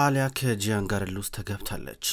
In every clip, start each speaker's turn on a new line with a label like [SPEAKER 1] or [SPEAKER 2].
[SPEAKER 1] አሊያ ከጂያን ጋር እልህ ተገብታለች።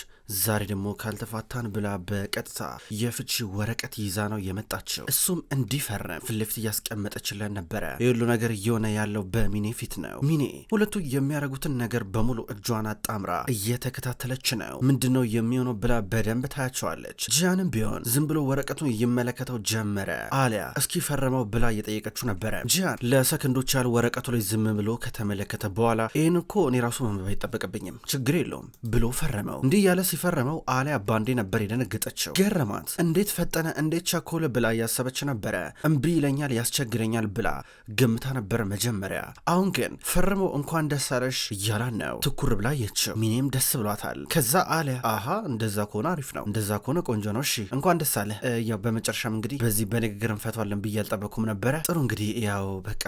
[SPEAKER 1] ዛሬ ደግሞ ካልተፋታን ብላ በቀጥታ የፍቺ ወረቀት ይዛ ነው የመጣችው። እሱም እንዲፈረም ፊት ለፊት እያስቀመጠችለን ነበረ። የሁሉ ነገር እየሆነ ያለው በሚኔ ፊት ነው። ሚኔ ሁለቱ የሚያደርጉትን ነገር በሙሉ እጇን አጣምራ እየተከታተለች ነው። ምንድን ነው የሚሆነው ብላ በደንብ ታያቸዋለች። ጂያንም ቢሆን ዝም ብሎ ወረቀቱን ይመለከተው ጀመረ። አሊያ እስኪ ፈረመው ብላ እየጠየቀችው ነበረ። ጂያን ለሰከንዶች ያህል ወረቀቱ ላይ ዝም ብሎ ከተመለከተ በኋላ ይህን እኮ እኔ ራሱ መንበብ አይጠበቅብኝም ችግር የለውም ብሎ ፈረመው። እንዲህ ያለ ሲፈርመው አሊያ ባንዴ ነበር የደነገጠችው። ገረማት። እንዴት ፈጠነ፣ እንዴት ቸኮለ ብላ እያሰበች ነበረ። እምቢ ይለኛል፣ ያስቸግረኛል ብላ ገምታ ነበር መጀመሪያ። አሁን ግን ፈርመው እንኳን ደስ አለሽ እያላን ነው። ትኩር ብላ የችው ሚኔም ደስ ብሏታል። ከዛ አሊያ አሃ እንደዛ ከሆነ አሪፍ ነው፣ እንደዛ ከሆነ ቆንጆ ነው። እሺ እንኳን ደስ አለ። ያው በመጨረሻም እንግዲህ በዚህ በንግግር እንፈቷለን ብዬ አልጠበኩም ነበረ። ጥሩ እንግዲህ ያው በቃ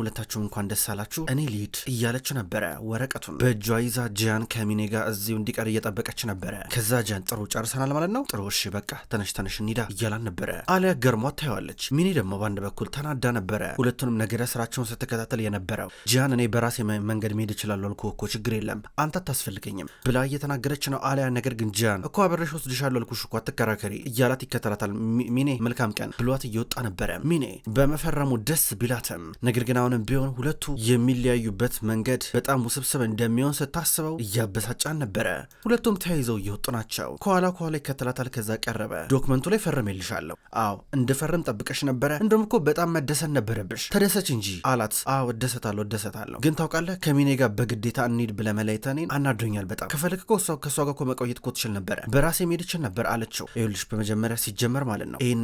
[SPEAKER 1] ሁለታችሁም እንኳን ደስ አላችሁ፣ እኔ ሊድ እያለችው ነበረ። ወረቀቱን በእጇ ይዛ ጂያን ከሚኔ ጋር እዚሁ እንዲቀር እየጠበቀች ነበር። ነበረ። ከዛ ጥሩ ጨርሰናል ማለት ነው ጥሩ እሺ በቃ ተነሽ ተነሽ እንሂዳ እያላን ነበረ። አሊያ ገርሟት ታየዋለች። ሚኒ ደግሞ በአንድ በኩል ተናዳ ነበረ። ሁለቱንም ነገረ ስራቸውን ስትከታተል የነበረው ጂያን እኔ በራሴ መንገድ መሄድ እችላለሁ አልኩ እኮ ችግር የለም አንተ አታስፈልገኝም ብላ እየተናገረች ነው አሊያ። ነገር ግን ጂያን እኮ አብሬሽ ወስድሻለሁ አልኩሽ እኮ አትከራከሪ እያላት ይከተላታል። ሚኔ መልካም ቀን ብሏት እየወጣ ነበረ። ሚኔ በመፈረሙ ደስ ቢላትም ነገር ግን አሁንም ቢሆን ሁለቱ የሚለያዩበት መንገድ በጣም ውስብስብ እንደሚሆን ስታስበው እያበሳጫን ነበረ። ሁለቱም ተያይዘው እየወጡ ናቸው። ከኋላ ከኋላ ይከተላታል። ከዛ ቀረበ። ዶክመንቱ ላይ ፈርሜልሻለሁ። አዎ እንድፈርም ጠብቀሽ ነበረ። እንደውም እኮ በጣም መደሰት ነበረብሽ። ተደሰች እንጂ አላት። አዎ እደሰታለሁ እደሰታለሁ፣ ግን ታውቃለህ ከሚኔ ጋር በግዴታ እንሂድ ብለህ መለየት እኔን አናዶኛል በጣም። ከፈለክ እኮ ከእሷ ጋር እኮ መቆየት እኮ ትችል ነበረ፣ በራሴ መሄድ እችል ነበር አለችው። ይኸውልሽ በመጀመሪያ ሲጀመር ማለት ነው ይህን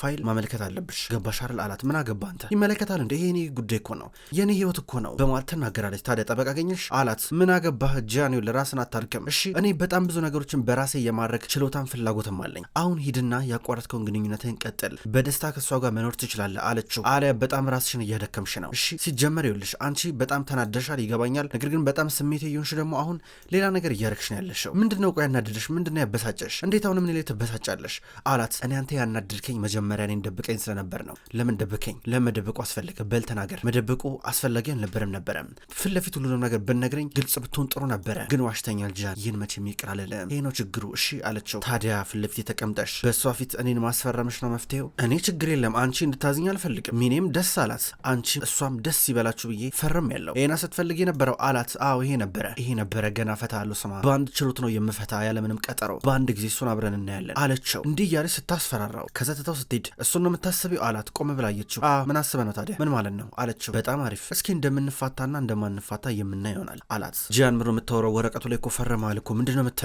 [SPEAKER 1] ፋይል ማመልከት አለብሽ ገባሽ አይደል አላት። ምን አገባ አንተ ይመለከታል እንደ ይሄ እኔ ጉዳይ እኮ ነው የኔ ህይወት እኮ ነው በማለት ትናገራለች። ታዲያ ጠበቃ አገኘሽ አላት። ምን አገባህ ጃኒው ለራስን አታድክም እሺ። እኔ በጣም ብዙ ብዙ ነገሮችን በራሴ የማድረግ ችሎታን ፍላጎትም አለኝ። አሁን ሂድና ያቋረጥከውን ግንኙነትህን ቀጥል፣ በደስታ ከእሷ ጋር መኖር ትችላለህ አለችው። አሊያ በጣም ራስሽን እያደከምሽ ነው። እሺ ሲጀመር ይኸውልሽ አንቺ በጣም ተናደሻል፣ ይገባኛል። ነገር ግን በጣም ስሜት የሆንሽ ደግሞ አሁን ሌላ ነገር እያረግሽ ነው ያለሽው። ምንድነው ቆይ ያናደደሽ? ምንድነው ያበሳጨሽ? እንዴት አሁን ምን ላይ ትበሳጫለሽ? አላት። እኔ አንተ ያናደድከኝ መጀመሪያ እኔን ደብቀኝ ስለነበር ነው። ለምን ደብከኝ? ለመደበቁ አስፈለገ? በል ተናገር። መደበቁ አስፈላጊ አልነበረም ነበረም። ፊት ለፊት ሁሉንም ነገር ብነግረኝ ግልጽ ብትሆን ጥሩ ነበረ። ግን ዋሽተኛል። ጃን ይህን መቼ የሚቀራል አልልም። ይሄ ነው ችግሩ እሺ አለችው። ታዲያ ፊት ለፊት ተቀምጠሽ በእሷ ፊት እኔን ማስፈረምሽ ነው መፍትሄው? እኔ ችግር የለም አንቺ እንድታዝኝ አልፈልግም። ሚኔም ደስ አላት፣ አንቺ እሷም ደስ ይበላችሁ ብዬ ፈርም ያለው ይህና ስትፈልግ የነበረው አላት። አዎ ይሄ ነበረ ይሄ ነበረ። ገና ፈታለሁ። ስማ በአንድ ችሎት ነው የምፈታ ያለምንም ቀጠሮ፣ በአንድ ጊዜ እሱን አብረን እናያለን አለችው። እንዲህ እያለች ስታስፈራራው፣ ከዛ ትተው ስትሄድ እሱን ነው የምታስቢው አላት። ቆም ብላ አየችው። ምን አስበ ነው ታዲያ ምን ማለት ነው አለችው። በጣም አሪፍ እስኪ እንደምንፋታና እንደማንፋታ የምና ይሆናል አላት። ጂያን ምሮ የምታወራው ወረቀቱ ላይ እኮ ፈርመሃል እኮ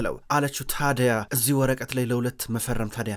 [SPEAKER 1] የምትለው አለችው። ታዲያ እዚህ ወረቀት ላይ ለሁለት መፈረም ታዲያ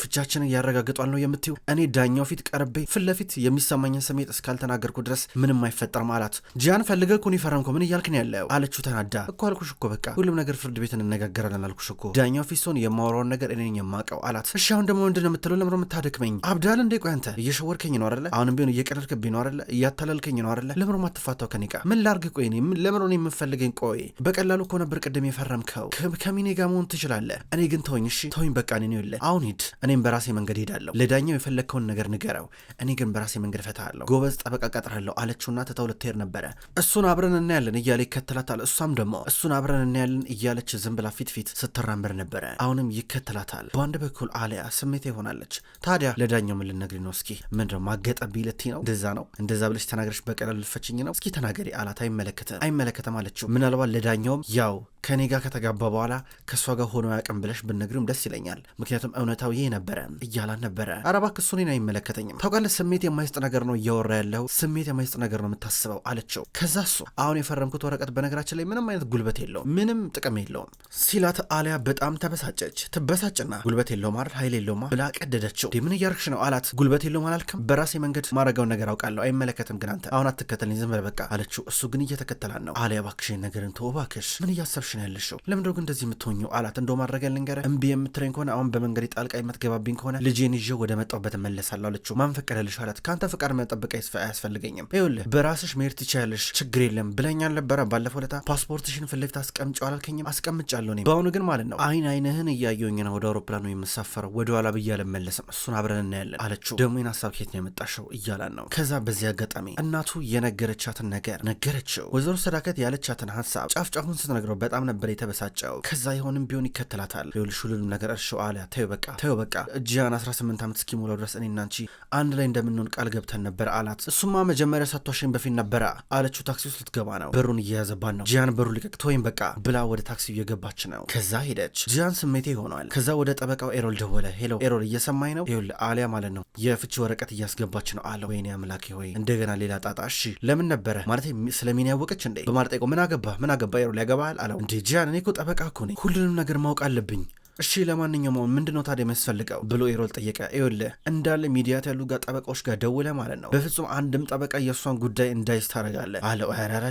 [SPEAKER 1] ፍቻችንን ያረጋግጧል ነው የምትይው? እኔ ዳኛው ፊት ቀርቤ ፊት ለፊት የሚሰማኝን ስሜት እስካልተናገርኩ ድረስ ምንም አይፈጠርም አላት። ጂያን ፈልገ እኮ እኔ ፈረምከው ምን እያልክ ነው ያለው አለችው። ተናዳ እኮ አልኩሽ እኮ በቃ ሁሉም ነገር ፍርድ ቤት እንነጋገራለን አልኩሽ እኮ ዳኛው ፊት ሲሆን የማወራውን ነገር እኔን የማቀው አላት። እሺ አሁን ደግሞ ምንድን ነው የምትለው? ለምሮ የምታደክመኝ አብዳል እንዴ? ቆይ አንተ እየሸወርከኝ ነው አለ። አሁንም ቢሆን እየቀለድክብኝ ነው አለ። እያታለልከኝ ነው አለ። ለምሮ ማትፋታው ከኔ ጋር ምን ላርግ? ቆይ ለምሮ የምፈልገኝ ቆይ በቀላሉ እኮ ነበር ቅድም የፈረምከው ከሚኔ ጋር መሆን ትችላለ። እኔ ግን ተወኝ፣ እሺ ተወኝ፣ በቃ እኔ ነው የለ። አሁን ሂድ፣ እኔም በራሴ መንገድ ሄዳለሁ። ለዳኛው የፈለግከውን ነገር ንገረው፣ እኔ ግን በራሴ መንገድ ፈታለሁ። ጎበዝ ጠበቃ ቀጥራለሁ አለችውና ትታው ልትሄድ ነበረ። እሱን አብረን እናያለን እያለ ይከተላታል። እሷም ደግሞ እሱን አብረን እናያለን እያለች ዝም ብላ ፊት ፊት ስትራመድ ነበረ። አሁንም ይከተላታል። በአንድ በኩል አሊያ ስሜት ይሆናለች። ታዲያ ለዳኛው ምን ልነግሪ ነው? እስኪ ምንድነው ማገጠቢ ልቲ ነው? እንደዛ ነው እንደዛ ብለሽ ተናገረች። በቀላል ልፈችኝ ነው? እስኪ ተናገሪ አላት። አይመለከትም አይመለከተም አለችው። ምናልባት ለዳኛውም ያው ከኔ ጋር ከተጋባ በኋላ ከእሷ ጋር ሆኖ ያቅም ብለሽ ብነግርም ደስ ይለኛል። ምክንያቱም እውነታው ይሄ ነበረ እያላን ነበረ። ኧረ እባክህ እሱን አይመለከተኝም። ታውቃለህ፣ ስሜት የማይስጥ ነገር ነው እያወራ ያለው ስሜት የማይስጥ ነገር ነው የምታስበው አለችው። ከዛ እሱ አሁን የፈረምኩት ወረቀት በነገራችን ላይ ምንም አይነት ጉልበት የለውም፣ ምንም ጥቅም የለውም ሲላት አሊያ በጣም ተበሳጨች። ትበሳጭና ጉልበት የለውም አይደል ኃይል የለውማ ብላ ቀደደችው። ምን እያርክሽ ነው አላት። ጉልበት የለውም አላልክም? በራሴ መንገድ ማድረገውን ነገር አውቃለሁ። አይመለከትም ግን አንተ አሁን አትከተልኝ፣ ዝም በል በቃ አለችው። እሱ ግን እየተከተላን ነው። አሊያ እባክሽን ነገርን ተወው እባክሽ። ምን እያሰብሽ ነው ያለሽው? ለምንድነው ግን እንደዚህ የምትሆኘው አላት። እንደው ማድረግ ልንገረ እምቢ የምትለኝ ከሆነ አሁን በመንገድ ጣልቃ የምትገባብኝ ከሆነ ልጄን ይዤ ወደ መጣሁበት እመለሳለሁ አለችው። ማን ፈቀደልሽ አላት። ከአንተ ፈቃድ መጠበቅ አያስፈልገኝም። ይኸውልህ በራስሽ መሄድ ትችያለሽ፣ ችግር የለም ብለኛል ነበረ ባለፈው ዕለት። ፓስፖርትሽን ፊት ለፊት አስቀምጨው አላልከኝም? አስቀምጫለሁ። እኔም በአሁኑ ግን ማለት ነው አይን አይንህን እያየሁኝ ነው ወደ አውሮፕላኑ የምሳፈረው። ኋላ ብዬ አልመለስም። እሱን አብረን እናያለን አለችው። ደግሞ ይህን ሀሳብ ከየት ነው የመጣሽው እያላን ነው። ከዛ በዚህ አጋጣሚ እናቱ የነገረቻትን ነገር ነገረችው። ወይዘሮ ሰዳከት ያለቻትን ሀሳብ ጫፍጫፉን ስትነግረው በጣም ነበር የተበሳጨው። ከዛ የሆንም ቢሆን ይከተላታል። ይኸውልሽ ሁሉንም ነገር እርሺው አሊያ፣ ተይው በቃ ተይው በቃ እጅያን 18 ዓመት እስኪሞላው ድረስ እኔና አንቺ አንድ ላይ እንደምንሆን ቃል ገብተን ነበር አላት። እሱማ መጀመሪያ ሳቷሽኝ በፊት ነበረ አለችው። ታክሲ ውስጥ ልትገባ ነው። በሩን እየያዘባን ነው። ጂያን በሩ ሊቀቅት ወይም በቃ ብላ ወደ ታክሲ እየገባች ነው። ከዛ ሄደች። ጂያን ስሜቴ ይሆናል። ከዛ ወደ ጠበቃው ኤሮል ደወለ። ሄሎ ኤሮል እየሰማኝ ነው? ይኸውልህ አሊያ ማለት ነው የፍቺ ወረቀት እያስገባች ነው አለ። ወይኔ አምላኬ ሆይ እንደገና ሌላ ጣጣ። እሺ ለምን ነበረ ማለት ስለሚን ያወቀች እንዴ በማለት ጠይቆ ምን አገባ ምን አገባ ኤሮል ያገባል አለው። እንዴ ጂያን እኔ እኮ ጠበቃ እኮ ነኝ። ሁሉንም ነገር ማወቅ አለብኝ። እሺ ለማንኛውም ምንድነው ታዲያ የሚያስፈልገው ብሎ ኤሮል ጠየቀ። ይወለ እንዳለ ሚዲያት ያሉ ጋር ጠበቃዎች ጋር ደውለ ማለት ነው። በፍጹም አንድም ጠበቃ የእሷን ጉዳይ እንዳይስ ታደረጋለ አለ ራራ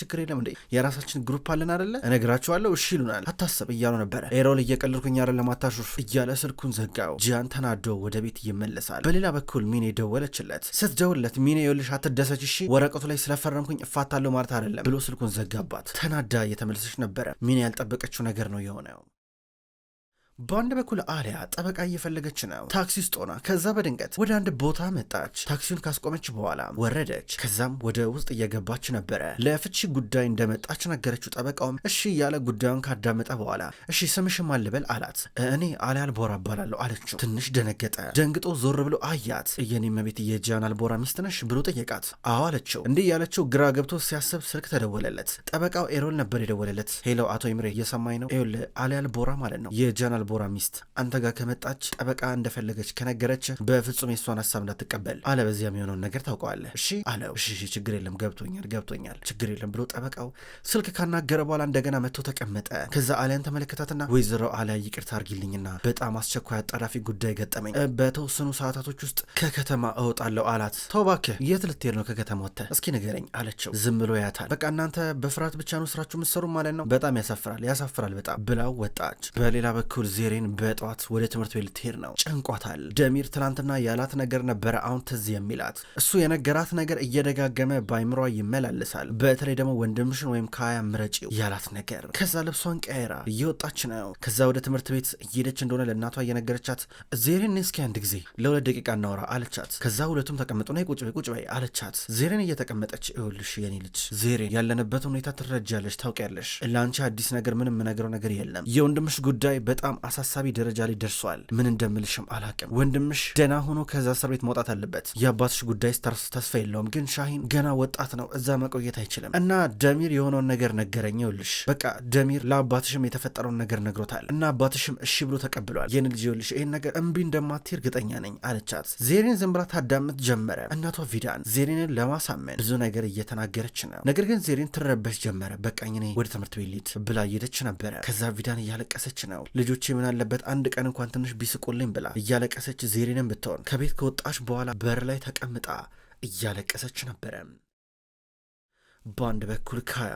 [SPEAKER 1] ችግር የለም እንዴ የራሳችን ግሩፕ አለን አደለ እነግራችኋለሁ። እሺ ይሉናል አታሰብ እያሉ ነበረ። ኤሮል እየቀለድኩኝ ያለ ለማታሹፍ እያለ ስልኩን ዘጋው። ጃን ተናዶ ወደ ቤት ይመለሳል። በሌላ በኩል ሚኔ ደወለችለት። ስትደውልለት ሚኔ ይኸውልሽ አትደሰች እሺ ወረቀቱ ላይ ስለፈረምኩኝ እፋታለሁ ማለት አይደለም ብሎ ስልኩን ዘጋባት። ተናዳ እየተመለሰች ነበረ። ሚኔ ያልጠበቀችው ነገር ነው የሆነው። በአንድ በኩል አሊያ ጠበቃ እየፈለገች ነው። ታክሲ ውስጥ ሆና ከዛ በድንገት ወደ አንድ ቦታ መጣች። ታክሲውን ካስቆመች በኋላ ወረደች። ከዛም ወደ ውስጥ እየገባች ነበረ። ለፍቺ ጉዳይ እንደመጣች ነገረችው። ጠበቃውም እሺ እያለ ጉዳዩን ካዳመጠ በኋላ እሺ ስምሽም አልበል አላት። እኔ አሊያ አልቦራ እባላለሁ አለችው። ትንሽ ደነገጠ። ደንግጦ ዞር ብሎ አያት። እየኔ መቤት እየጃን አልቦራ ሚስት ነሽ ብሎ ጠየቃት። አዎ አለችው። እንዲህ ያለችው ግራ ገብቶ ሲያስብ ስልክ ተደወለለት። ጠበቃው ኤሮል ነበር የደወለለት። ሄሎ አቶ ይምሬ እየሰማኝ ነው? ኤል አሊያ አልቦራ ማለት ነው የጃን ቦራ ሚስት አንተ ጋር ከመጣች ጠበቃ እንደፈለገች ከነገረች በፍጹም የሷን ሀሳብ እንዳትቀበል አለ። በዚያ የሚሆነውን ነገር ታውቀዋለህ እሺ አለው። እሺ እሺ ችግር የለም ገብቶኛል ገብቶኛል ችግር የለም ብሎ ጠበቃው ስልክ ካናገረ በኋላ እንደገና መጥቶ ተቀመጠ። ከዛ አሊያን ተመለከታትና ወይዘሮ አሊያ ይቅርታ አርጊልኝና በጣም አስቸኳይ አጣዳፊ ጉዳይ ገጠመኝ፣ በተወሰኑ ሰዓታቶች ውስጥ ከከተማ እወጣለሁ አላት። ተው እባክህ የት ልትሄድ ነው ከከተማ ወጥተህ እስኪ ንገረኝ አለችው። ዝም ብሎ ያታል። በቃ እናንተ በፍርሃት ብቻ ነው ስራችሁ የምትሰሩ ማለት ነው። በጣም ያሳፍራል ያሳፍራል በጣም ብላው ወጣች። በሌላ በኩል ዜሬን በጠዋት ወደ ትምህርት ቤት ልትሄድ ነው። ጨንቋታል። ደሚር ትናንትና ያላት ነገር ነበረ አሁን ትዝ የሚላት። እሱ የነገራት ነገር እየደጋገመ ባይምሯ ይመላለሳል። በተለይ ደግሞ ወንድምሽን ወይም ከሀያ ምረጪው ያላት ነገር። ከዛ ልብሷን ቀይራ እየወጣች ነው። ከዛ ወደ ትምህርት ቤት እየሄደች እንደሆነ ለእናቷ እየነገረቻት ዜሬን እስኪ አንድ ጊዜ ለሁለት ደቂቃ እናወራ አለቻት። ከዛ ሁለቱም ተቀመጡና ቁጭ በይ ቁጭ በይ አለቻት። ዜሬን እየተቀመጠች ይኸውልሽ የኔ ልጅ ዜሬን ያለንበት ሁኔታ ትረጃለሽ፣ ታውቂያለሽ። ለአንቺ አዲስ ነገር ምንም የምነግረው ነገር የለም። የወንድምሽ ጉዳይ በጣም አሳሳቢ ደረጃ ላይ ደርሷል። ምን እንደምልሽም አላቅም። ወንድምሽ ደና ሆኖ ከዛ እስር ቤት መውጣት አለበት። የአባትሽ ጉዳይ ተስፋ የለውም፣ ግን ሻሂን ገና ወጣት ነው፣ እዛ መቆየት አይችልም። እና ደሚር የሆነውን ነገር ነገረኝ። ይኸውልሽ በቃ ደሚር ለአባትሽም የተፈጠረውን ነገር ነግሮታል፣ እና አባትሽም እሺ ብሎ ተቀብሏል። የኔ ልጅ ይኸውልሽ ይህን ነገር እምቢ እንደማትይ እርግጠኛ ነኝ አለቻት። ዜሬን ዝም ብላ ታዳምጥ ጀመረ። እናቷ ቪዳን ዜሬንን ለማሳመን ብዙ ነገር እየተናገረች ነው፣ ነገር ግን ዜሬን ትረበሽ ጀመረ። በቃኝ እኔ ወደ ትምህርት ቤት ልሂድ ብላ እየሄደች ነበረ። ከዛ ቪዳን እያለቀሰች ነው ልጆች ምን አለበት አንድ ቀን እንኳን ትንሽ ቢስቁልኝ ብላ እያለቀሰች ዜሬንም ብትሆን ከቤት ከወጣች በኋላ በር ላይ ተቀምጣ እያለቀሰች ነበረ። በአንድ በኩል ካያ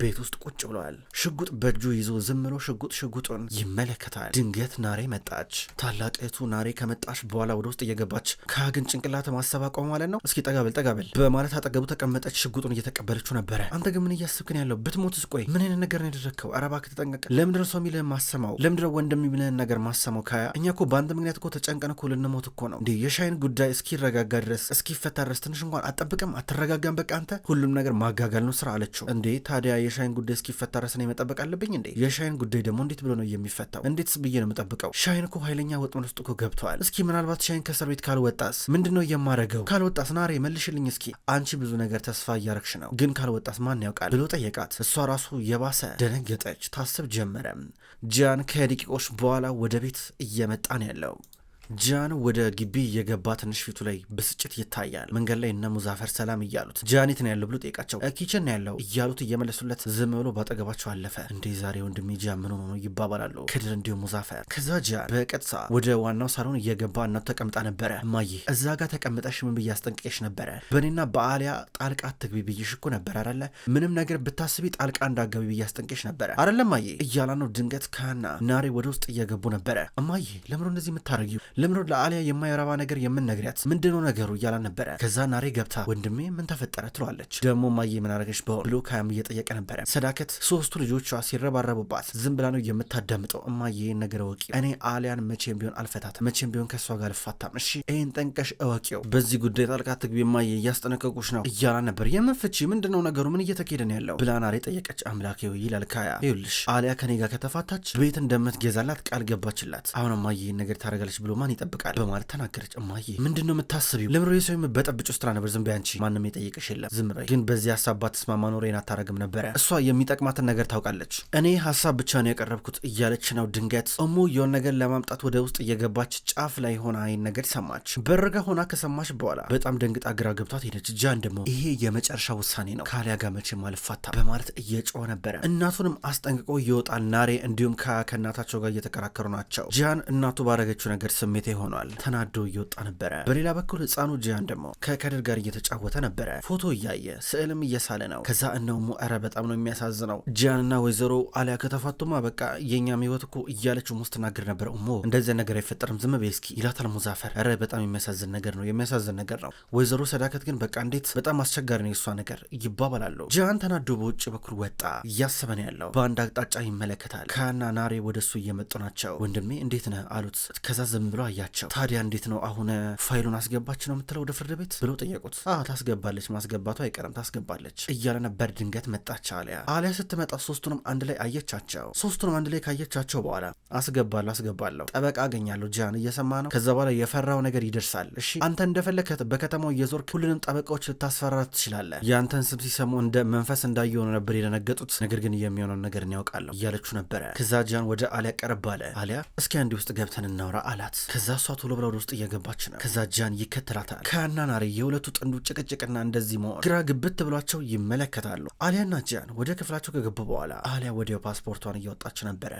[SPEAKER 1] ቤት ውስጥ ቁጭ ብለዋል። ሽጉጥ በእጁ ይዞ ዝም ብሎ ሽጉጥ ሽጉጡን ይመለከታል። ድንገት ናሬ መጣች። ታላቅቱ ናሬ ከመጣች በኋላ ወደ ውስጥ እየገባች ከግን ጭንቅላት ማሰብ አቆመ ማለት ነው። እስኪ ጠጋበል ጠጋበል በማለት አጠገቡ ተቀመጠች። ሽጉጡን እየተቀበለችው ነበረ። አንተ ግን ምን እያስብክን ያለው ብትሞት ስቆይ ምን አይነት ነገር ነው ያደረግከው? አረባ ከተጠንቀቀ ለምድረ ሰው የሚልህን ማሰማው ለምድረ ወንድ የሚልህን ነገር ማሰማው ከያ እኛ እኮ በአንተ ምክንያት እኮ ተጨንቀን እኮ ልንሞት እኮ ነው። እንዲህ የሻይን ጉዳይ እስኪረጋጋ ድረስ እስኪፈታ ድረስ ትንሽ እንኳን አጠብቅም አትረጋጋም። በቃ አንተ ሁሉም ነገር ማጋጋል ነው ስራ አለችው። እንዴ ታዲያ የሻይን ጉዳይ እስኪፈታ ድረስ ነው የመጠበቅ አለብኝ እንዴ? የሻይን ጉዳይ ደግሞ እንዴት ብሎ ነው የሚፈታው? እንዴትስ ብዬ ነው የምጠብቀው? ሻይን እኮ ኃይለኛ ወጥመድ ውስጥ እኮ ገብተዋል። እስኪ ምናልባት ሻይን ከእስር ቤት ካልወጣስ ምንድን ነው የማረገው? ካልወጣስ ናሬ መልሽልኝ እስኪ። አንቺ ብዙ ነገር ተስፋ እያረግሽ ነው፣ ግን ካልወጣስ ማን ያውቃል ብሎ ጠየቃት። እሷ ራሱ የባሰ ደነገጠች፣ ታስብ ጀመረ። ጃን ከደቂቆች በኋላ ወደ ቤት እየመጣ ነው ያለው። ጃን ወደ ግቢ እየገባ ትንሽ ፊቱ ላይ ብስጭት ይታያል። መንገድ ላይ እነ ሙዛፈር ሰላም እያሉት ጂያኒት ነው ያለው ብሎ ጠይቃቸው ኪችን ነው ያለው እያሉት እየመለሱለት ዝም ብሎ ባጠገባቸው አለፈ። እንዴ ዛሬ ወንድሜ ጂያን ምን ሆኖ ይባባላሉ ክድር እንዲሁም ሙዛፈር። ከዛ ጃን በቀጥታ ወደ ዋናው ሳሎን እየገባ እናቱ ተቀምጣ ነበረ። እማዬ እዛ ጋር ተቀምጠሽ ምን ብዬ አስጠንቅቄሽ ነበረ? በእኔና በአሊያ ጣልቃ አትግቢ ብዬሽ እኮ ነበር አይደለ? ምንም ነገር ብታስቢ ጣልቃ እንዳገቢ ብዬ አስጠንቅቄሽ ነበረ አይደለ እማዬ እያላ ነው። ድንገት ካህና ናሬ ወደ ውስጥ እየገቡ ነበረ። እማዬ ለምሮ እንደዚህ የምታደርጊው ለምንድ ለአሊያ የማይረባ ነገር የምንነግሪያት ምንድነው ነገሩ እያላ ነበረ። ከዛ ናሬ ገብታ ወንድሜ ምን ተፈጠረ ትሏለች። ደግሞ ማየ የምናረገች በሆን ብሎ ካያም እየጠየቀ ነበረ። ሰዳከት ሶስቱ ልጆቿ ሲረባረቡባት ዝም ብላ ነው የምታዳምጠው። እማዬ ይህን ነገር እወቂ፣ እኔ አሊያን መቼም ቢሆን አልፈታትም፣ መቼም ቢሆን ከእሷ ጋር ልፋታም፣ እሺ ይህን ጠንቀሽ እወቂው፣ በዚህ ጉዳይ ጣልቃ ትግቢ እማዬ፣ እያስጠነቀቁች ነው እያላ ነበር። የምን ፍቺ ምንድነው ነገሩ? ምን እየተካሄደ ነው ያለው ብላ ናሬ ጠየቀች። አምላኬ ይላል ካያ፣ ይኸውልሽ አሊያ ከኔ ጋር ከተፋታች ቤት እንደምትገዛላት ቃል ገባችላት። አሁን እማዬ ይህን ነገር ታደርጋለች ብሎ ማን ማን ይጠብቃል በማለት ተናገረች። እማዬ ምንድን ነው የምታስቢው? ለምሮ ሰው በጠብጭ ውስጥ ነበር። ዝም ቢያንቺ ማንም የጠየቀሽ የለም። ዝም በይ ግን በዚህ ሀሳብ ባትስማማ ኖሬን አታረግም ነበረ። እሷ የሚጠቅማትን ነገር ታውቃለች። እኔ ሀሳብ ብቻ ነው የቀረብኩት እያለች ነው። ድንገት እሙ የሆን ነገር ለማምጣት ወደ ውስጥ እየገባች ጫፍ ላይ ሆና ይህን ነገር ሰማች። በርጋ ሆና ከሰማች በኋላ በጣም ደንግጣ ግራ ገብቷት ሄደች። ጃን ደግሞ ይሄ የመጨረሻ ውሳኔ ነው ካሊያ ጋር መቼም አልፋታ በማለት እየጮኸ ነበረ። እናቱንም አስጠንቅቆ ይወጣል። ናሬ እንዲሁም ከእናታቸው ጋር እየተከራከሩ ናቸው። ጃን እናቱ ባረገችው ነገር ስም ስሜቴ ሆኗል። ተናዶ እየወጣ ነበረ። በሌላ በኩል ህፃኑ ጂያን ደግሞ ከከድር ጋር እየተጫወተ ነበረ። ፎቶ እያየ ስዕልም እየሳለ ነው። ከዛ እነሙ ኧረ በጣም ነው የሚያሳዝነው ጂያንና ወይዘሮ አሊያ ከተፋቱማ በቃ የእኛም ህይወት እኮ እያለችው ሙስ ትናገር ነበረ። እሞ እንደዚያ ነገር አይፈጠርም ዝም በይ እስኪ ይላታል ሙዛፈር። ኧረ በጣም የሚያሳዝን ነገር ነው የሚያሳዝን ነገር ነው። ወይዘሮ ሰዳከት ግን በቃ እንዴት በጣም አስቸጋሪ ነው የእሷ ነገር ይባባላሉ። ጂያን ተናዶ በውጭ በኩል ወጣ። እያሰበ ነው ያለው። በአንድ አቅጣጫ ይመለከታል። ካና ናሬ ወደሱ እየመጡ ናቸው። ወንድሜ እንዴት ነህ አሉት። ከዛ ዝም ብሎ አያቸው። ታዲያ እንዴት ነው አሁን ፋይሉን አስገባች ነው የምትለው ወደ ፍርድ ቤት ብለው ጠየቁት። አ ታስገባለች፣ ማስገባቱ አይቀርም ታስገባለች እያለ ነበር። ድንገት መጣች አሊያ። አሊያ ስትመጣ ሶስቱንም አንድ ላይ አየቻቸው። ሶስቱንም አንድ ላይ ካየቻቸው በኋላ አስገባለሁ አስገባለሁ፣ ጠበቃ አገኛለሁ፣ ጃን እየሰማ ነው፣ ከዛ በኋላ የፈራው ነገር ይደርሳል። እሺ አንተ እንደፈለግ በከተማው እየዞር ሁሉንም ጠበቃዎች ልታስፈራ ትችላለህ። ያንተን ስም ሲሰሙ እንደ መንፈስ እንዳየሆኑ ነበር የደነገጡት። ነገር ግን የሚሆነውን ነገር እያለችው ነበረ። ከዛ ጃን ወደ አሊያ ቀረብ አለ። አሊያ እስኪ አንድ ውስጥ ገብተን እናውራ አላት። ከዛ እሷ ቶሎ ብላ ወደ ውስጥ እየገባች ነው። ከዛ ጃን ይከተላታል። ከያና ናሪ የሁለቱ ጥንዱ ጭቅጭቅና እንደዚህ መሆን ግራ ግብት ብሏቸው ይመለከታሉ። አሊያና ጃን ወደ ክፍላቸው ከገቡ በኋላ አሊያ ወዲያው ፓስፖርቷን እያወጣች ነበረ።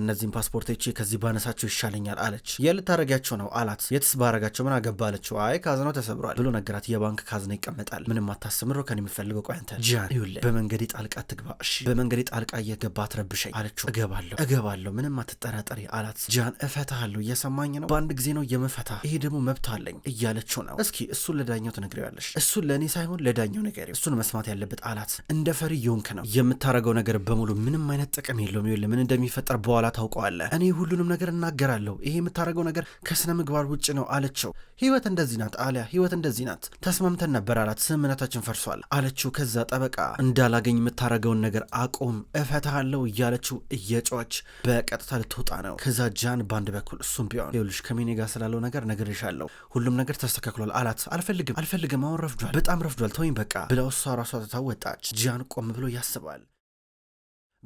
[SPEAKER 1] እነዚህም ፓስፖርቶች ከዚህ ባነሳቸው ይሻለኛል አለች። የልታረጊያቸው ነው አላት። የትስ ባረጋቸው ምን አገባ አለችው። አይ ካዝናው ተሰብሯል ብሎ ነገራት። የባንክ ካዝና ይቀመጣል። ምንም አታስብ። ምሮ ከን የሚፈልገው ቆይ አንተ ጃን ይውለ በመንገዴ ጣልቃ ትግባ እሺ፣ በመንገዴ ጣልቃ እየገባ አትረብሸኝ አለችው። እገባለሁ እገባለሁ፣ ምንም አትጠራጠሪ አላት። ጃን እፈታሃለሁ እየሰማ ታማኝ ነው፣ በአንድ ጊዜ ነው የመፈታ ይሄ ደግሞ መብት አለኝ እያለችው ነው። እስኪ እሱን ለዳኛው ትነግሪዋለሽ። እሱን ለእኔ ሳይሆን ለዳኛው ነገር እሱን መስማት ያለበት አላት። እንደ ፈሪ የሆንክ ነው የምታረገው ነገር በሙሉ ምንም አይነት ጥቅም የለውም። ይኸውልህ ምን እንደሚፈጠር በኋላ ታውቀዋለህ። እኔ ሁሉንም ነገር እናገራለሁ። ይሄ የምታረገው ነገር ከስነ ምግባር ውጭ ነው አለችው። ህይወት እንደዚህ ናት አሊያ፣ ህይወት እንደዚህ ናት። ተስማምተን ነበር አላት። ስምምነታችን ፈርሷል አለችው። ከዛ ጠበቃ እንዳላገኝ የምታረገውን ነገር አቁም፣ እፈታሃለሁ እያለችው እየጮች በቀጥታ ልትወጣ ነው። ከዛ ጃን በአንድ በኩል እሱም ቢሆን ይኸውልሽ ከሚኔ ጋር ስላለው ነገር ነግሬሻለሁ፣ ሁሉም ነገር ተስተካክሏል አላት። አልፈልግም አልፈልግም፣ አሁን ረፍዷል፣ በጣም ረፍዷል፣ ተወኝ በቃ ብለው እሷ ራሷ ወጣች። ጂያን ቆም ብሎ ያስባል።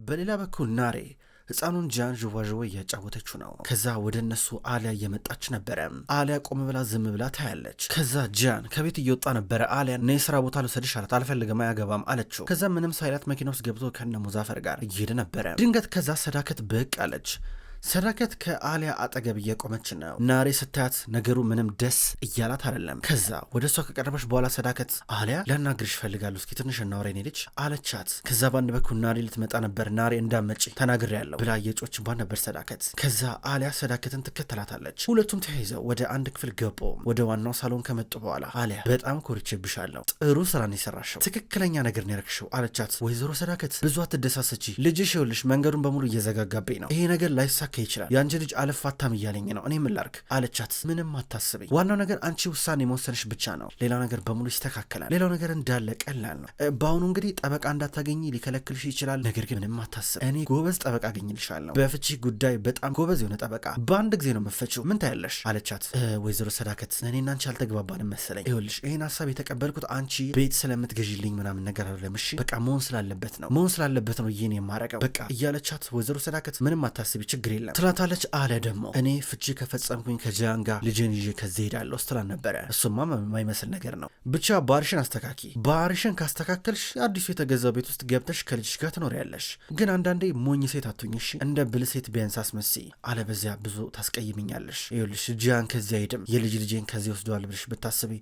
[SPEAKER 1] በሌላ በኩል ናሬ ህፃኑን ጃን ዥዋዥዎ እያጫወተችው ነው። ከዛ ወደ እነሱ አሊያ እየመጣች ነበረ። አሊያ ቆም ብላ ዝም ብላ ታያለች። ከዛ ጃን ከቤት እየወጣ ነበረ። አሊያ ነ የስራ ቦታ ልውሰድሽ አላት። አልፈልግም አያገባም አለችው። ከዛ ምንም ሳይላት መኪና ውስጥ ገብቶ ከነ ሙዛፈር ጋር እየሄደ ነበረ። ድንገት ከዛ ሰዳከት ብቅ አለች። ሰዳከት ከአሊያ አጠገብ እየቆመች ነው። ናሬ ስታያት ነገሩ ምንም ደስ እያላት አይደለም። ከዛ ወደ እሷ ከቀረበች በኋላ ሰዳከት አሊያ ላናግርሽ እፈልጋለሁ፣ እስኪ ትንሽ እናውራ የኔ ልጅ አለቻት። ከዛ በአንድ በኩል ናሬ ልትመጣ ነበር። ናሬ እንዳመጪ ተናግሬያለሁ ብላ የጮች ባን ነበር ሰዳከት። ከዛ አሊያ ሰዳከትን ትከተላታለች። ሁለቱም ተያይዘው ወደ አንድ ክፍል ገቡ። ወደ ዋናው ሳሎን ከመጡ በኋላ አሊያ በጣም ኮርቼብሻለሁ፣ ጥሩ ስራን ነው የሰራሽው፣ ትክክለኛ ነገር ነው ያረክሽው አለቻት። ወይዘሮ ሰዳከት ብዙ አትደሳሰቺ ልጅሽ፣ ይኸውልሽ መንገዱን በሙሉ እየዘጋጋብኝ ነው ይሄ ነገር ላይሳ ሊሳካ ይችላል። የአንቺ ልጅ አልፋታም እያለኝ ነው፣ እኔ ምን ላድርግ አለቻት። ምንም አታስበኝ፣ ዋናው ነገር አንቺ ውሳኔ መወሰንሽ ብቻ ነው። ሌላው ነገር በሙሉ ይስተካከላል። ሌላው ነገር እንዳለ ቀላል ነው። በአሁኑ እንግዲህ ጠበቃ እንዳታገኝ ሊከለክልሽ ይችላል። ነገር ግን ምንም አታስብ፣ እኔ ጎበዝ ጠበቃ አገኝልሻለሁ። በፍቺ ጉዳይ በጣም ጎበዝ የሆነ ጠበቃ፣ በአንድ ጊዜ ነው መፈችው። ምን ታያለሽ አለቻት። ወይዘሮ ሰዳከት እኔና አንቺ አልተግባባንም መሰለኝ። ይኸውልሽ ይህን ሀሳብ የተቀበልኩት አንቺ ቤት ስለምትገዥልኝ ምናምን ነገር አይደለም። እሺ በቃ መሆን ስላለበት ነው መሆን ስላለበት ነው ይህን የማረገው በቃ እያለቻት ወይዘሮ ሰዳከት ምንም አታስቢ ችግር የለም ትላታለች። አለ ደግሞ እኔ ፍቺ ከፈጸምኩኝ ከጃን ጋር ልጄን ይዤ ከዚህ ሄዳለሁ ስትላን ነበረ። እሱማ የማይመስል ነገር ነው። ብቻ ባርሽን አስተካኪ። ባርሽን ካስተካከልሽ አዲሱ የተገዛው ቤት ውስጥ ገብተሽ ከልጅሽ ጋር ትኖሪያለሽ። ግን አንዳንዴ ሞኝ ሴት አቱኝሽ እንደ ብል ሴት ቢያንስ አስመስይ። አለበዚያ ብዙ ታስቀይምኛለሽ። ይኸውልሽ ጃን ከዚህ አይድም። የልጅ ልጄን ከዚህ ወስደዋል ብልሽ ብታስቢ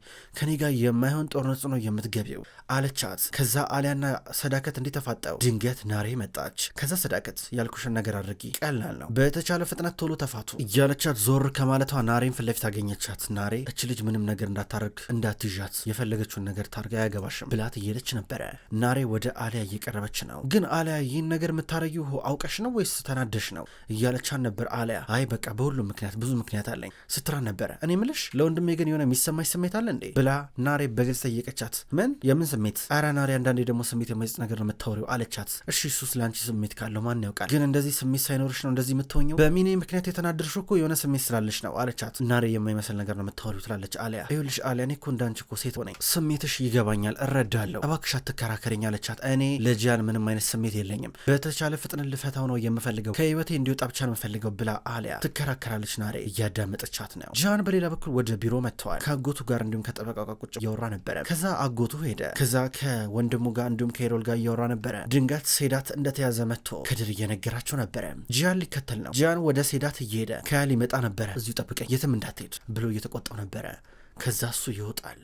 [SPEAKER 1] ከኔ ጋር የማይሆን ጦርነት ነው የምትገቢው አለቻት። ከዛ አሊያና ሰዳከት እንዲተፋጠው ድንገት ናሬ መጣች። ከዛ ሰዳከት ያልኩሽን ነገር አድርጊ፣ ቀላል ነው በ በተቻለ ፍጥነት ቶሎ ተፋቱ እያለቻት ዞር ከማለቷ ናሬን ፊት ለፊት አገኘቻት። ናሬ እች ልጅ ምንም ነገር እንዳታደርግ እንዳትዣት የፈለገችውን ነገር ታርጋ አያገባሽም ብላት እየለች ነበረ። ናሬ ወደ አሊያ እየቀረበች ነው። ግን አሊያ ይህን ነገር የምታረዩ አውቀሽ ነው ወይስ ተናደሽ ነው እያለቻን ነበር። አሊያ አይ በቃ በሁሉም ምክንያት ብዙ ምክንያት አለኝ ስትራ ነበረ። እኔ ምልሽ ለወንድሜ ግን የሆነ የሚሰማሽ ስሜት አለ እንዴ ብላ ናሬ በግልጽ ጠየቀቻት። ምን የምን ስሜት? አረ ናሬ አንዳንዴ ደግሞ ስሜት የማይጽ ነገር ነው የምታወሪው አለቻት። እሺ እሱስ ለአንቺ ስሜት ካለው ማን ያውቃል? ግን እንደዚህ ስሜት ሳይኖርሽ ነው እንደዚህ የምትሆኘው በሚኔ ምክንያት የተናደርሽው እኮ የሆነ ስሜት ስላለሽ ነው አለቻት። ናሬ የማይመስል ነገር ነው የምታወሪው ትላለች አሊያ። ይኸውልሽ አሊያ፣ እኔ እኮ እንዳንቺ እኮ ሴት ሆነኝ ስሜትሽ ይገባኛል፣ እረዳለሁ። እባክሽ አትከራከረኝ አለቻት። እኔ ለጂያን ምንም አይነት ስሜት የለኝም፣ በተቻለ ፍጥነት ልፈታው ነው የምፈልገው፣ ከህይወቴ እንዲወጣ ብቻ ነው የምፈልገው ብላ አሊያ ትከራከራለች። ናሬ እያዳመጠቻት ነው። ጂያን በሌላ በኩል ወደ ቢሮ መጥተዋል። ከአጎቱ ጋር እንዲሁም ከጠበቃው ጋር ቁጭ እያወራ ነበረ። ከዛ አጎቱ ሄደ። ከዛ ከወንድሙ ጋር እንዲሁም ከሄሮል ጋር እያወራ ነበረ። ድንጋት ሴዳት እንደተያዘ መጥቶ ከድር እየነገራቸው ነበረ። ጂያን ሊከተል ነው ነው። ጃን ወደ ሴዳት እየሄደ ከያል ይመጣ ነበረ። እዚሁ ጠብቀኝ፣ የትም እንዳትሄድ ብሎ እየተቆጣው ነበረ። ከዛ እሱ ይወጣል።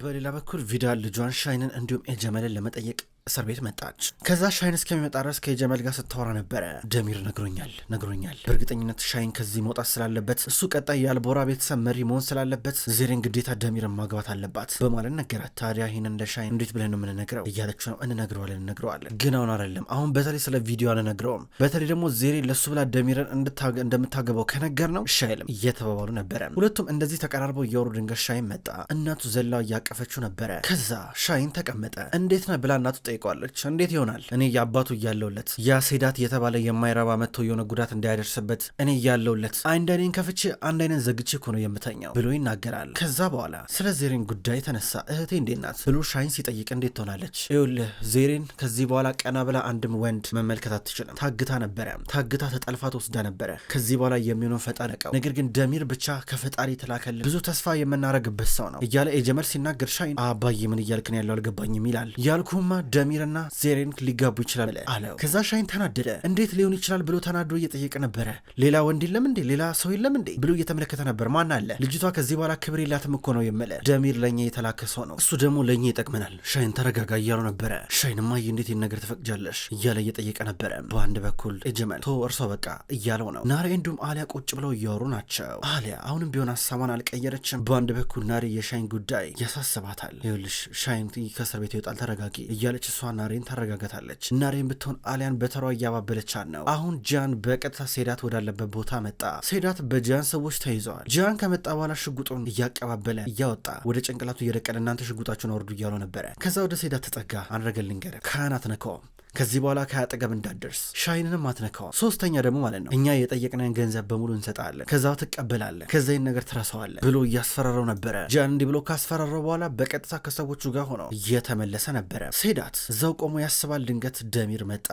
[SPEAKER 1] በሌላ በኩል ቪዳል ልጇን ሻይንን እንዲሁም ኤልጀመልን ለመጠየቅ እስር ቤት መጣች። ከዛ ሻይን እስከሚመጣ ድረስ ከጀመል ጋር ስታወራ ነበረ። ደሚር ነግሮኛል ነግሮኛል በእርግጠኝነት ሻይን ከዚህ መውጣት ስላለበት እሱ ቀጣይ የአልቦራ ቤተሰብ መሪ መሆን ስላለበት ዜሬን ግዴታ ደሚር ማግባት አለባት በማለት ነገራት። ታዲያ ይህን እንደ ሻይን እንዴት ብለን ነው የምንነግረው እያለች ነው። እንነግረዋለን እንነግረዋለን ግን አሁን አይደለም። አሁን በተለይ ስለ ቪዲዮ አልነግረውም። በተለይ ደግሞ ዜሬ ለሱ ብላ ደሚርን እንደምታገባው ከነገር ነው ሻይልም እየተባባሉ ነበረ። ሁለቱም እንደዚህ ተቀራርበው እያወሩ ድንገት ሻይን መጣ። እናቱ ዘላው እያቀፈችው ነበረ። ከዛ ሻይን ተቀመጠ። እንዴት ነህ ብላ እናቱ ትጠይቀዋለች። እንዴት ይሆናል እኔ የአባቱ እያለውለት ያ ሴዳት የተባለ የማይረባ መጥቶ የሆነ ጉዳት እንዳያደርስበት እኔ እያለውለት አይንዳኔን አይኔን ከፍቼ አንድ አይኔን ዘግቼ እኮ ነው የምተኛው ብሎ ይናገራል። ከዛ በኋላ ስለ ዜሬን ጉዳይ ተነሳ። እህቴ እንዴት ናት ብሎ ሻይን ሲጠይቅ እንዴት ትሆናለች? ይኸውልህ ዜሬን ከዚህ በኋላ ቀና ብላ አንድም ወንድ መመልከት አትችልም። ታግታ ነበረ፣ ታግታ ተጠልፋ ተወስዳ ነበረ። ከዚህ በኋላ የሚሆነው ፈጣሪ ያውቀው። ነገር ግን ደሚር ብቻ ከፈጣሪ የተላከልን ብዙ ተስፋ የምናረግበት ሰው ነው እያለ የጀመል ሲናገር ሻይን አባዬ ምን እያልክን ያለው አልገባኝም ይላል። ያልኩማ ደሚርና ዜሬን ሊጋቡ ይችላል አለው። ከዛ ሻይን ተናደደ። እንዴት ሊሆን ይችላል ብሎ ተናዶ እየጠየቀ ነበረ። ሌላ ወንድ የለም እንዴ? ሌላ ሰው የለም እንዴ? ብሎ እየተመለከተ ነበር። ማን አለ? ልጅቷ ከዚህ በኋላ ክብር የላትም እኮ ነው የምለ ደሚር ለእኛ ሰው ነው፣ እሱ ደግሞ ለእኛ ይጠቅመናል። ሻይን ተረጋጋ እያሉ ነበረ። ሻይንማ እንዴት እንዴት ነገር ትፈቅጃለሽ እያለ እየጠየቀ ነበረ። በአንድ በኩል እጅመል ቶ እርሷ በቃ እያለው ነው። ናሬ እንዲሁም አሊያ ቁጭ ብለው እያወሩ ናቸው። አሊያ አሁንም ቢሆን ሀሳቧን አልቀየረችም። በአንድ በኩል ናሬ የሻይን ጉዳይ ያሳስባታል። ይኸውልሽ ሻይን ከእስር ቤት ይወጣል ተረጋጊ እያለች እሷ ናሬን ታረጋጋታለች። ናሬን ብትሆን አሊያን በተሯ እያባበለቻት ነው። አሁን ጃን በቀጥታ ሴዳት ወዳለበት ቦታ መጣ። ሴዳት በጃን ሰዎች ተይዘዋል። ጃን ከመጣ በኋላ ሽጉጡን እያቀባበለ እያወጣ ወደ ጭንቅላቱ እየደቀነ እናንተ ሽጉጣችሁን አውርዱ እያለው ነበረ። ከዛ ወደ ሴዳት ተጠጋ። አንረገልንገረ ካህናት ነከውም ከዚህ በኋላ ከአጠገብ እንዳደርስ ሻይንንም አትነካዋል። ሶስተኛ ደግሞ ማለት ነው እኛ የጠየቅነን ገንዘብ በሙሉ እንሰጣለን፣ ከዛ ትቀበላለን፣ ከዚይን ነገር ትረሳዋለህ ብሎ እያስፈራረው ነበረ። ጃን እንዲህ ብሎ ካስፈራረው በኋላ በቀጥታ ከሰዎቹ ጋር ሆኖ እየተመለሰ ነበረ። ሴዳት እዛው ቆሞ ያስባል። ድንገት ደሚር መጣ።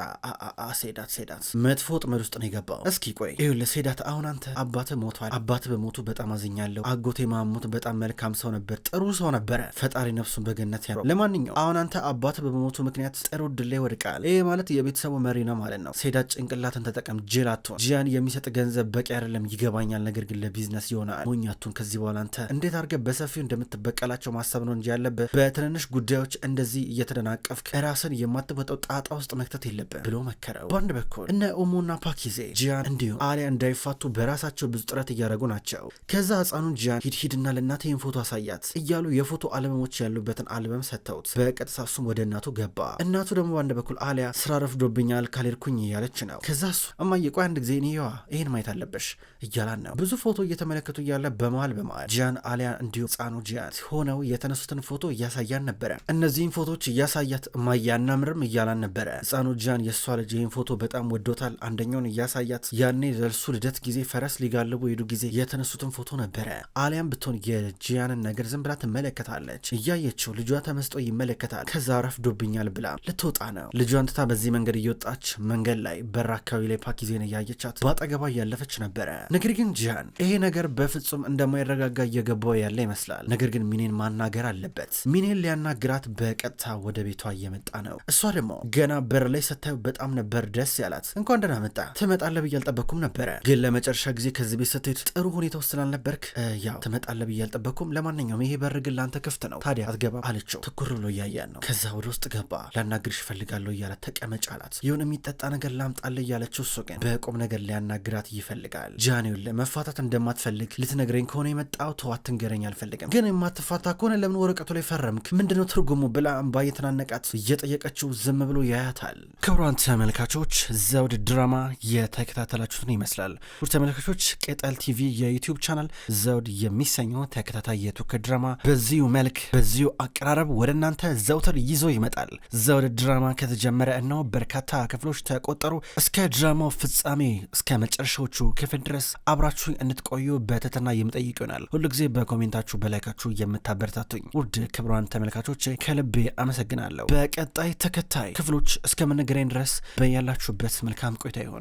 [SPEAKER 1] ሴዳት ሴዳት መጥፎ ጥመድ ውስጥ ነው የገባው። እስኪ ቆይ ይኸውልህ ሴዳት፣ አሁን አንተ አባት ሞቷል። አባት በሞቱ በጣም አዝኛለሁ። አጎቴ ማሙት በጣም መልካም ሰው ነበር፣ ጥሩ ሰው ነበረ። ፈጣሪ ነፍሱን በገነት ያ ለማንኛውም አሁን አንተ አባት በሞቱ ምክንያት ጥሩ ድል ላይ ወድቃል። ይሄ ማለት የቤተሰቡ መሪ ነው ማለት ነው። ሴዳት ጭንቅላትን ተጠቀም ጅል አትሆን። ጂያን የሚሰጥ ገንዘብ በቂ አይደለም ይገባኛል፣ ነገር ግን ለቢዝነስ ይሆናል። ሞኛቱን ከዚህ በኋላ አንተ እንዴት አድርገህ በሰፊው እንደምትበቀላቸው ማሰብ ነው እንጂ ያለብህ በትንንሽ ጉዳዮች እንደዚህ እየተደናቀፍክ ራስን የማትወጣው ጣጣ ውስጥ መክተት የለብህ ብሎ መከረው። በአንድ በኩል እነ ኦሞና ፓኪዜ ጂያን እንዲሁም አሊያ እንዳይፋቱ በራሳቸው ብዙ ጥረት እያደረጉ ናቸው። ከዛ ህፃኑን ጂያን ሂድ ሂድና ለእናትህ ፎቶ አሳያት እያሉ የፎቶ አልበሞች ያሉበትን አልበም ሰጥተውት በቀጥታ እሱም ወደ እናቱ ገባ። እናቱ ደግሞ በአንድ በኩል አሊያ ታዲያ ስራ ረፍዶብኛል ካልሄድኩኝ እያለች ነው። ከዛ እሱ እማዬ ቆይ አንድ ጊዜ እኔዋ ይህን ማየት አለበሽ እያላን ነው። ብዙ ፎቶ እየተመለከቱ እያለ በመሃል በመሃል ጂያን አሊያ እንዲሁ ህፃኑ ጂያን ሆነው የተነሱትን ፎቶ እያሳያን ነበረ። እነዚህን ፎቶዎች እያሳያት እማዬ አናምርም እያላን ነበረ። ህፃኑ ጂያን የእሷ ልጅ ይህን ፎቶ በጣም ወዶታል። አንደኛውን እያሳያት ያኔ ለእሱ ልደት ጊዜ ፈረስ ሊጋልቡ ሄዱ ጊዜ የተነሱትን ፎቶ ነበረ። አሊያም ብትሆን የጂያንን ነገር ዝም ብላ ትመለከታለች። እያየችው ልጇ ተመስጦ ይመለከታል። ከዛ ረፍዶብኛል ብላ ልትወጣ ነው ልጇን ተጠምጥታ በዚህ መንገድ እየወጣች መንገድ ላይ በር አካባቢ ላይ ፓኪዜን እያየቻት በአጠገቧ እያለፈች ነበረ። ነገር ግን ጂያን ይሄ ነገር በፍጹም እንደማይረጋጋ እየገባው ያለ ይመስላል። ነገር ግን ሚኔን ማናገር አለበት። ሚኔን ሊያናግራት በቀጥታ ወደ ቤቷ እየመጣ ነው። እሷ ደግሞ ገና በር ላይ ስታዩ በጣም ነበር ደስ ያላት። እንኳን ደህና መጣ ትመጣለህ ብዬ አልጠበኩም ነበረ፣ ግን ለመጨረሻ ጊዜ ከዚህ ቤት ስትሄድ ጥሩ ሁኔታ ውስጥ ስላልነበርክ ያው ትመጣለህ ብዬ አልጠበኩም። ለማንኛውም ይሄ በር ግን ለአንተ ክፍት ነው፣ ታዲያ አትገባ አለችው። ትኩር ብሎ እያያን ነው። ከዛ ወደ ውስጥ ገባ። ላናግርሽ እፈልጋለሁ እያለ አላት። ተቀመጭ አላት። የሆነ የሚጠጣ ነገር ላምጣልህ እያለችው እሱ ግን በቁም ነገር ሊያናግራት ይፈልጋል። ጃኔውን መፋታት እንደማትፈልግ ልትነግረኝ ከሆነ የመጣው ተዋት፣ ትንገረኝ አልፈልግም። ግን የማትፋታ ከሆነ ለምን ወረቀቱ ላይ ፈረምክ? ምንድነው ትርጉሙ? ብላ እምባ የተናነቃት እየጠየቀችው ዝም ብሎ ያያታል። ክቡራን ተመልካቾች ዘውድ ድራማ የተከታተላችሁትን ይመስላል። ሁር ተመልካቾች ቅጠል ቲቪ የዩቲዩብ ቻናል ዘውድ የሚሰኘው ተከታታይ የቱርክ ድራማ በዚሁ መልክ በዚሁ አቀራረብ ወደ እናንተ ዘውትር ይዞ ይመጣል። ዘውድ ድራማ ከተጀመረ ጀመረ እናው በርካታ ክፍሎች ተቆጠሩ። እስከ ድራማው ፍጻሜ እስከ መጨረሻዎቹ ክፍል ድረስ አብራችሁ እንድትቆዩ በትህትና የምጠይቅ ይሆናል። ሁሉ ጊዜ በኮሜንታችሁ በላይካችሁ የምታበረታቱኝ ውድ ክብሯን ተመልካቾች ከልቤ አመሰግናለሁ። በቀጣይ ተከታይ ክፍሎች እስከምንገናኝ ድረስ በያላችሁበት መልካም ቆይታ ይሆን።